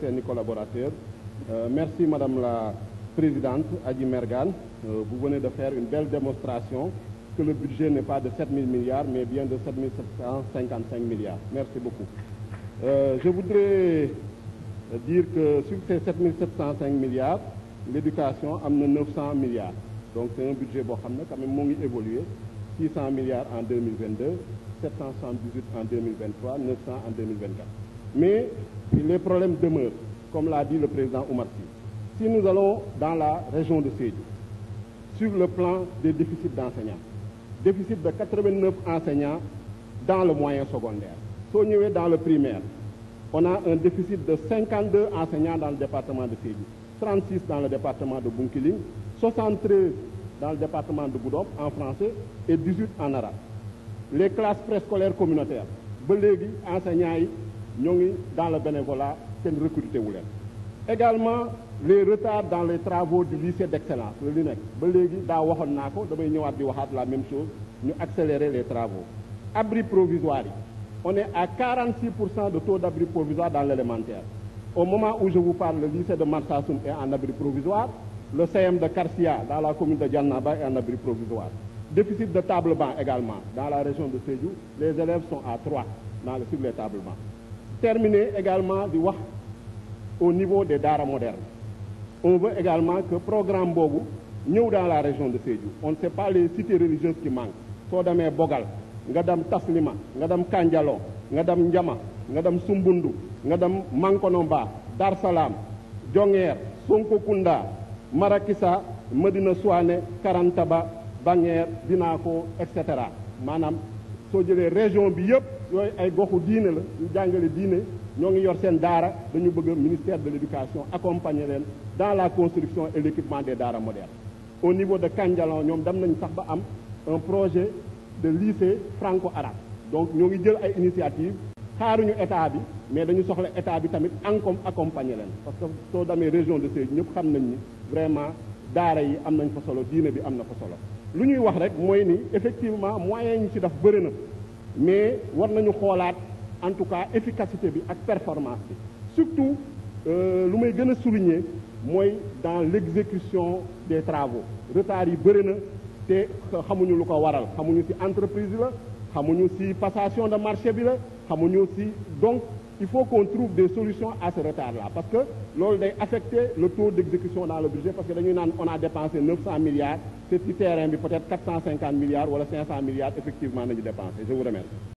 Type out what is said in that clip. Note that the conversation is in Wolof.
seeni collaborateurs. Euh, merci Madame la Présidente Adji Mergane. Euh, vous venez de faire une belle démonstration que le budget n'est pas de 7 000 milliards, mais bien de 7 755 milliards. Merci beaucoup. Euh, je voudrais dire que sur ces 7 705 milliards, l'éducation amène 900 milliards. Donc c'est un budget bon, quand même mon évolué. 600 milliards en 2022, 778 en 2023, 900 en 2024. Mais les problèmes demeurent, comme l'a dit le président Oumar Si nous allons dans la région de Sédou, sur le plan des déficits d'enseignants, déficit de 89 enseignants dans le moyen secondaire. Sognué dans le primaire, on a un déficit de 52 enseignants dans le département de Sédou, 36 dans le département de Bunkiling, 73 dans le département de Goudop en français et 18 en arabe. Les classes préscolaires communautaires, Belégui, enseignants, ñoo ngi dans le bénévolat kenn recruté wu leen également les retards dans les travaux du lycée d'excellence la li nekk ba léegi daa waxoon naa ko damay ñëwaat di waxaat la même chose ñu accélérer les travaux abri provisoire yi on est à 46 pour cent de taux d'abri provisoire dans l'élémentaire au moment où je vous parle le lycée de Marsassoum est en abri provisoire le CM de Karsia dans la commune de Diannaba est en abri provisoire déficit de table banc également dans la région de les élèves à 3 dans le, terminer également di wax au niveau des daara modernes on également que programme boobu ñëw dans la région de Sédhiou on ne sait pas les cités religieuses qui soo demee Bogal nga dem Taslima nga dem Kanjalo nga dem Njama nga dem Sumbundu nga dem Mankonomba Dar Salaam Jongeer Sonkokunda Marakissa Medina Souane Karantaba Bangeer Dinaako et cetera maanaam soo jëlee région bi yëpp yooyu ay goxu diine la ñu jàngale diine ñoo ngi yor seen daara dañu bëgg ministère de l'éducation accompagner leen dans la construction et l'équipement des daara modernes au niveau de Kandialan ñoom dem nañ sax ba am un projet de lycée franco-arabe donc ñoo ngi jël ay initiative xaaruñu état bi mais dañu soxla état bi tamit encore accompagner leen parce que soo demee région de Sédhiou ñëpp xam nañ ni vraiment daara yi am nañ fa solo diine bi am na fa solo lu ñuy wax rek mooy ni effectivement moyens yi ñu ci def bëri na mais war nañu xoolaat en tout cas efficacité bi ak performance bi surtout euh, lu may gën a souligner mooy dans l'exécution des travaux retard yi bëri na te xamuñu lu ko waral xamuñu ci entreprise la xamuñu ci passation de marché bi la xamuñu ci donc il faut qu'on trouve des solutions à ce retard-là parce que loolu day affecter le taux d'exécution dans le budget parce que dañuy naan on a dépensé 900 milliards te ci terrain bi peut-être milliards wala milliards effectivement nañu dépensé je vous remercie